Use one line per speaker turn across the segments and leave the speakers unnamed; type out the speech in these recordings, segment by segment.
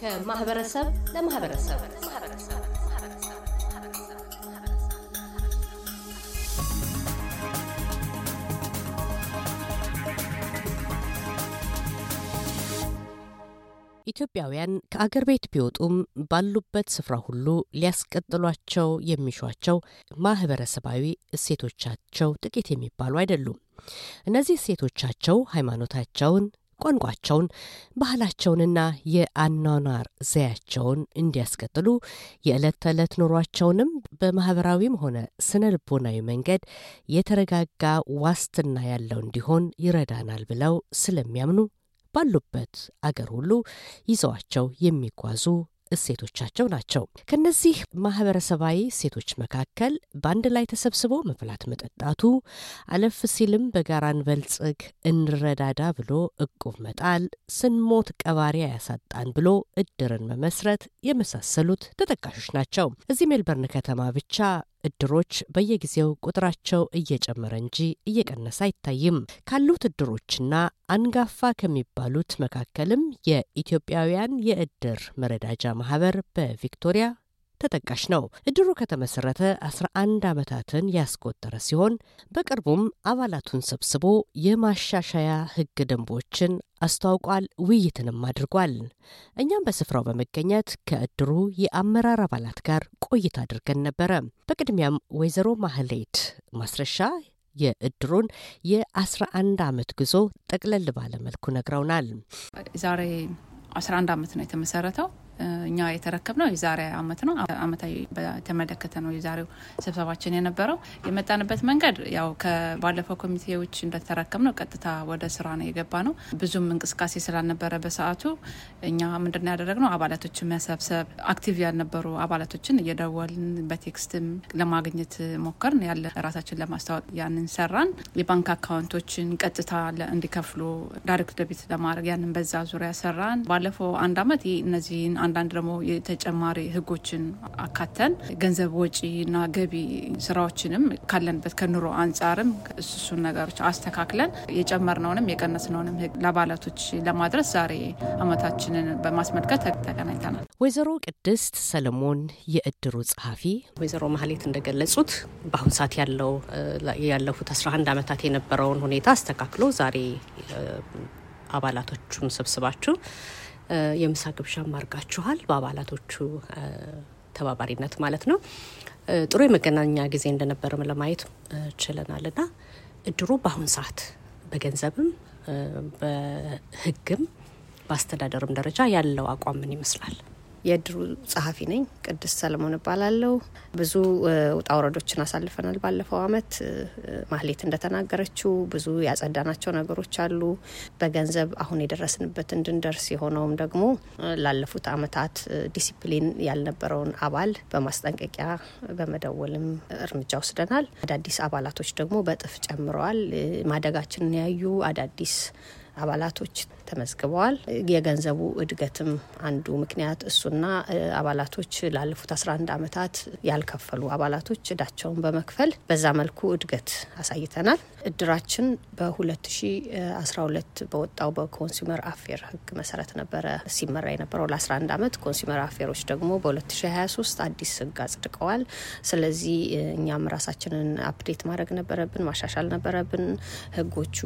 ከማህበረሰብ ለማህበረሰብ ኢትዮጵያውያን ከአገር ቤት ቢወጡም ባሉበት ስፍራ ሁሉ ሊያስቀጥሏቸው የሚሿቸው ማህበረሰባዊ እሴቶቻቸው ጥቂት የሚባሉ አይደሉም። እነዚህ እሴቶቻቸው ሃይማኖታቸውን፣ ቋንቋቸውን፣ ባህላቸውንና የአኗኗር ዘያቸውን እንዲያስቀጥሉ የዕለት ተዕለት ኑሯቸውንም በማህበራዊም ሆነ ስነ ልቦናዊ መንገድ የተረጋጋ ዋስትና ያለው እንዲሆን ይረዳናል ብለው ስለሚያምኑ ባሉበት አገር ሁሉ ይዘዋቸው የሚጓዙ እሴቶቻቸው ናቸው። ከነዚህ ማህበረሰባዊ እሴቶች መካከል በአንድ ላይ ተሰብስቦ መብላት መጠጣቱ፣ አለፍ ሲልም በጋራ እንበልጽግ እንረዳዳ ብሎ እቁብ መጣል፣ ስንሞት ቀባሪ ያሳጣን ብሎ እድርን መመስረት የመሳሰሉት ተጠቃሾች ናቸው። እዚህ ሜልበርን ከተማ ብቻ እድሮች በየጊዜው ቁጥራቸው እየጨመረ እንጂ እየቀነሰ አይታይም። ካሉት እድሮችና አንጋፋ ከሚባሉት መካከልም የኢትዮጵያውያን የእድር መረዳጃ ማህበር በቪክቶሪያ ተጠቃሽ ነው። እድሩ ከተመሰረተ 11 ዓመታትን ያስቆጠረ ሲሆን በቅርቡም አባላቱን ሰብስቦ የማሻሻያ ህግ ደንቦችን አስተዋውቋል። ውይይትንም አድርጓል። እኛም በስፍራው በመገኘት ከእድሩ የአመራር አባላት ጋር ቆይታ አድርገን ነበረ። በቅድሚያም ወይዘሮ ማህሌት ማስረሻ የእድሩን የ11 ዓመት ጉዞ ጠቅለል ባለ መልኩ ነግረውናል።
ዛሬ 11 ዓመት ነው የተመሰረተው። እኛ የተረከብነው የዛሬ አመት ነው። አመታዊ በተመለከተ ነው የዛሬው ስብሰባችን የነበረው። የመጣንበት መንገድ ያው ከባለፈው ኮሚቴዎች እንደተረከብነው ቀጥታ ወደ ስራ ነው የገባ ነው። ብዙም እንቅስቃሴ ስላልነበረ በሰዓቱ እኛ ምንድን ያደረግነው አባላቶችን መሰብሰብ፣ አክቲቭ ያልነበሩ አባላቶችን እየደወልን በቴክስትም ለማግኘት ሞከርን። ያለ ራሳችን ለማስታወቅ ያንን ሰራን። የባንክ አካውንቶችን ቀጥታ እንዲከፍሉ ዳይሬክት ደቢት ለማድረግ ያንን በዛ ዙሪያ ሰራን። ባለፈው አንድ አመት እነዚህን አንዳንድ ደግሞ የተጨማሪ ህጎችን አካተን ገንዘብ ወጪና ገቢ ስራዎችንም ካለንበት ከኑሮ አንጻርም እሱሱን ነገሮች አስተካክለን የጨመርነውንም የቀነስነውንም ህግ ለአባላቶች ለማድረስ ዛሬ አመታችንን በማስመልከት ተገናኝተናል። ወይዘሮ
ቅድስት ሰለሞን የእድሩ ጸሐፊ። ወይዘሮ ማህሌት እንደገለጹት በአሁን ሰዓት ያለው ያለፉት 11 ዓመታት የነበረውን ሁኔታ አስተካክሎ ዛሬ አባላቶቹን ሰብስባችሁ የምሳ ግብዣም አድርጋችኋል በአባላቶቹ ተባባሪነት ማለት ነው። ጥሩ የመገናኛ ጊዜ እንደነበርም ለማየት ችለናል ና እድሩ በአሁን ሰዓት በገንዘብም በህግም በአስተዳደርም ደረጃ ያለው አቋም ምን ይመስላል? የድሩ
ጸሐፊ ነኝ። ቅድስት ሰለሞን እባላለሁ። ብዙ ውጣ ውረዶችን አሳልፈናል። ባለፈው አመት ማህሌት እንደተናገረችው ብዙ ያጸዳናቸው ነገሮች አሉ። በገንዘብ አሁን የደረስንበት እንድንደርስ የሆነውም ደግሞ ላለፉት አመታት ዲሲፕሊን ያልነበረውን አባል በማስጠንቀቂያ በመደወልም እርምጃ ወስደናል። አዳዲስ አባላቶች ደግሞ በእጥፍ ጨምረዋል። ማደጋችንን ያዩ አዳዲስ አባላቶች ተመዝግበዋል። የገንዘቡ እድገትም አንዱ ምክንያት እሱና አባላቶች ላለፉት 11 ዓመታት ያልከፈሉ አባላቶች እዳቸውን በመክፈል በዛ መልኩ እድገት አሳይተናል። እድራችን በ2012 በወጣው በኮንሱመር አፌር ህግ መሰረት ነበረ ሲመራ የነበረው ለ11 ዓመት። ኮንሱመር አፌሮች ደግሞ በ2023 አዲስ ህግ አጽድቀዋል። ስለዚህ እኛም ራሳችንን አፕዴት ማድረግ ነበረብን፣ ማሻሻል ነበረብን። ህጎቹ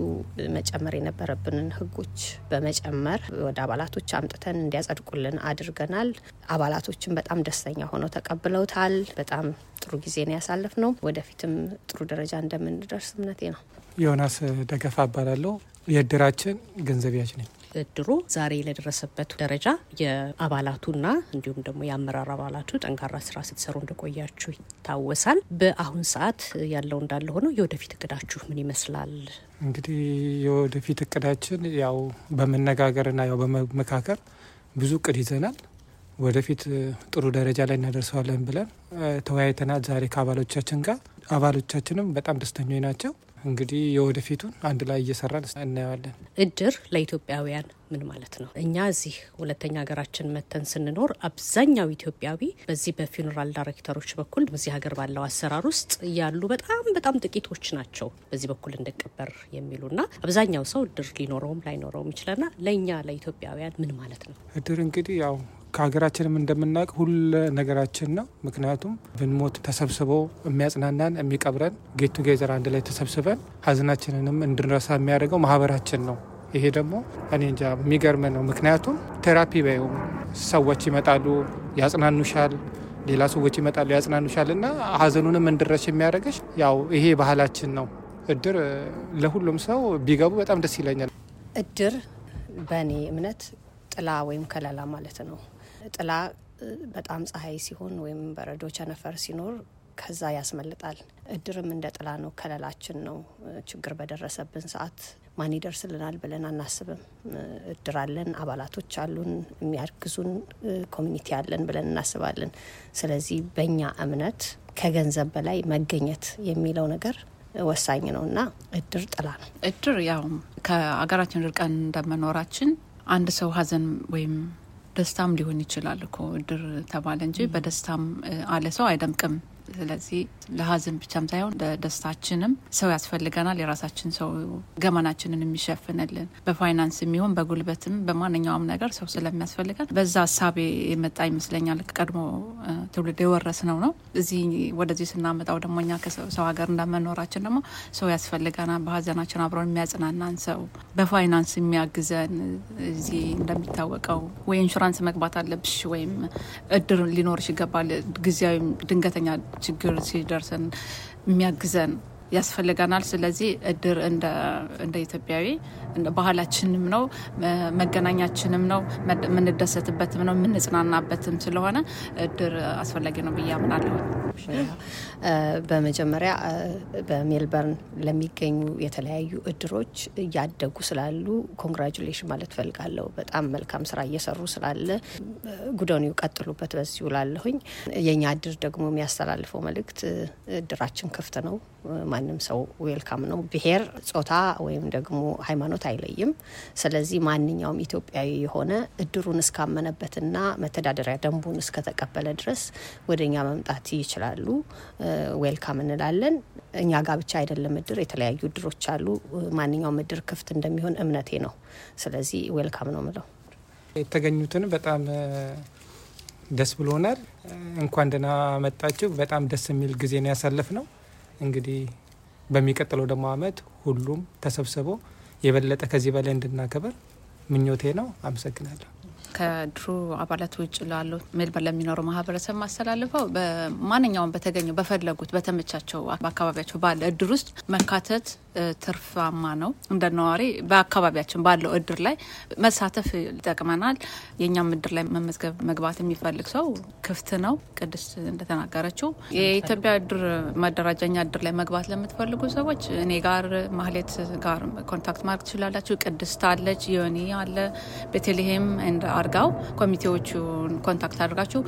መጨመር የነበረብንን ህጎች በመጨመር ወደ አባላቶች አምጥተን እንዲያጸድቁልን አድርገናል። አባላቶችን በጣም ደስተኛ ሆነው ተቀብለውታል። በጣም ጥሩ ጊዜ ነው ያሳለፍ ነው። ወደፊትም ጥሩ
ደረጃ እንደምንደርስ እምነቴ ነው።
ዮናስ ደገፋ እባላለሁ። የእድራችን ገንዘቢያች ነኝ።
እድሩ ዛሬ ለደረሰበት ደረጃ የአባላቱና እንዲሁም ደግሞ የአመራር አባላቱ ጠንካራ ስራ ስትሰሩ እንደቆያችሁ ይታወሳል። በአሁን ሰዓት ያለው እንዳለ ሆነው የወደፊት እቅዳችሁ ምን ይመስላል?
እንግዲህ የወደፊት እቅዳችን ያው በመነጋገርና ያው በመመካከር ብዙ እቅድ ይዘናል። ወደፊት ጥሩ ደረጃ ላይ እናደርሰዋለን ብለን ተወያይተናል ዛሬ ከአባሎቻችን ጋር። አባሎቻችንም በጣም ደስተኞች ናቸው። እንግዲህ የወደፊቱን አንድ ላይ እየሰራን እናየዋለን። እድር
ለኢትዮጵያውያን ምን ማለት ነው? እኛ እዚህ ሁለተኛ ሀገራችን መተን ስንኖር አብዛኛው ኢትዮጵያዊ በዚህ በፊኑራል ዳይሬክተሮች በኩል እዚህ ሀገር ባለው አሰራር ውስጥ ያሉ በጣም በጣም ጥቂቶች ናቸው በዚህ በኩል እንደቀበር የሚሉና አብዛኛው ሰው እድር ሊኖረውም ላይኖረውም ይችላልና ለእኛ ለኢትዮጵያውያን ምን ማለት ነው?
እድር እንግዲህ ያው ከሀገራችንም እንደምናውቅ ሁለ ነገራችን ነው። ምክንያቱም ብንሞት ተሰብስበው የሚያጽናናን የሚቀብረን፣ ጌቱ ጌዘር አንድ ላይ ተሰብስበን ሀዘናችንንም እንድንረሳ የሚያደርገው ማህበራችን ነው። ይሄ ደግሞ እኔ እንጃ የሚገርም ነው። ምክንያቱም ቴራፒ በይው ሰዎች ይመጣሉ፣ ያጽናኑሻል ሌላ ሰዎች ይመጣሉ ያጽናኑሻል። እና ሀዘኑንም እንድረሽ የሚያደርገሽ ያው ይሄ ባህላችን ነው። እድር ለሁሉም ሰው ቢገቡ በጣም ደስ ይለኛል። እድር
በእኔ እምነት ጥላ ወይም ከለላ ማለት ነው። ጥላ በጣም ፀሐይ ሲሆን ወይም በረዶ ቸነፈር ሲኖር ከዛ ያስመልጣል። እድርም እንደ ጥላ ነው፣ ከለላችን ነው። ችግር በደረሰብን ሰዓት ማን ይደርስልናል ብለን አናስብም። እድር አለን፣ አባላቶች አሉን፣ የሚያግዙን ኮሚኒቲ አለን ብለን እናስባለን። ስለዚህ በእኛ እምነት ከገንዘብ በላይ መገኘት የሚለው ነገር ወሳኝ ነው እና
እድር ጥላ ነው። እድር ያው ከሀገራችን ርቀን እንደመኖራችን አንድ ሰው ሀዘን ወይም ደስታም ሊሆን ይችላል እኮ እድር ተባለ እንጂ በደስታም አለ ሰው አይደምቅም ስለዚህ ለሀዘን ብቻም ሳይሆን ለደስታችንም ሰው ያስፈልገናል። የራሳችን ሰው ገመናችንን የሚሸፍንልን በፋይናንስ የሚሆን በጉልበትም በማንኛውም ነገር ሰው ስለሚያስፈልገን በዛ ሀሳቤ የመጣ ይመስለኛል። ቀድሞ ትውልድ የወረስነው ነው። እዚህ ወደዚህ ስናመጣው ደግሞ እኛ ከሰው ሀገር እንደመኖራችን ደግሞ ሰው ያስፈልገናል። በሀዘናችን አብረን የሚያጽናናን ሰው፣ በፋይናንስ የሚያግዘን እዚህ እንደሚታወቀው ወይ ኢንሹራንስ መግባት አለብሽ ወይም እድር ሊኖርሽ ይገባል። ጊዜያዊ ድንገተኛ ችግር ሲደርሰን የሚያግዘን ያስፈልገናል። ስለዚህ እድር እንደ ኢትዮጵያዊ ባህላችንም ነው፣ መገናኛችንም ነው፣ የምንደሰትበትም ነው፣ የምንጽናናበትም ስለሆነ እድር አስፈላጊ ነው ብዬ አምናለሁ። በመጀመሪያ
በሜልበርን ለሚገኙ የተለያዩ እድሮች እያደጉ ስላሉ ኮንግራጁሌሽን ማለት ፈልጋለሁ። በጣም መልካም ስራ እየሰሩ ስላለ ጉደኒው ቀጥሉበት በዚሁ ውላለሁኝ። የእኛ እድር ደግሞ የሚያስተላልፈው መልእክት እድራችን ክፍት ነው ማንም ሰው ዌልካም ነው። ብሄር ጾታ ወይም ደግሞ ሃይማኖት አይለይም። ስለዚህ ማንኛውም ኢትዮጵያዊ የሆነ እድሩን እስካመነበትና መተዳደሪያ ደንቡን እስከተቀበለ ድረስ ወደ መምጣት ይችላሉ። ዌልካም እንላለን። እኛ ጋር ብቻ አይደለም እድር፣ የተለያዩ እድሮች አሉ። ማንኛውም እድር ክፍት እንደሚሆን እምነቴ ነው። ስለዚህ ዌልካም ነው ምለው
የተገኙትን በጣም ደስ ብሎናል። እንኳን ደህና መጣችሁ። በጣም ደስ የሚል ጊዜ ነው ያሳለፍ ነው እንግዲህ በሚቀጥለው ደግሞ አመት ሁሉም ተሰብስቦ የበለጠ ከዚህ በላይ እንድናከበር ምኞቴ ነው። አመሰግናለሁ።
ከድሮ አባላት ውጭ ላለው ሜልበር ለሚኖረው ማህበረሰብ ማስተላልፈው በማንኛውም በተገኘው በፈለጉት በተመቻቸው በአካባቢያቸው ባለ እድር ውስጥ መካተት ትርፋማ ነው። እንደ ነዋሪ በአካባቢያችን ባለው እድር ላይ መሳተፍ ይጠቅመናል። የእኛም እድር ላይ መመዝገብ መግባት የሚፈልግ ሰው ክፍት ነው። ቅድስት እንደተናገረችው የኢትዮጵያ እድር መደራጃኛ እድር ላይ መግባት ለምትፈልጉ ሰዎች እኔ ጋር ማህሌት ጋር ኮንታክት ማድረግ ትችላላችሁ። ቅድስት አለች፣ ዮኒ አለ፣ ቤተልሄም እንደ አርጋው ኮሚቴዎቹን ኮንታክት አድርጋችሁ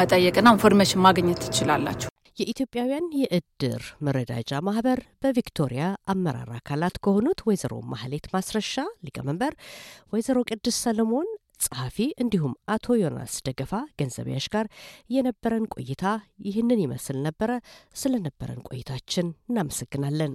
መጠየቅና ኢንፎርሜሽን ማግኘት ትችላላችሁ። የኢትዮጵያውያን
የእድር መረዳጃ ማህበር በቪክቶሪያ አመራር አካላት ከሆኑት ወይዘሮ ማህሌት ማስረሻ ሊቀመንበር፣ ወይዘሮ ቅድስ ሰለሞን ጸሐፊ እንዲሁም አቶ ዮናስ ደገፋ ገንዘቢያሽ ጋር የነበረን ቆይታ ይህንን ይመስል ነበረ። ስለነበረን ቆይታችን እናመሰግናለን።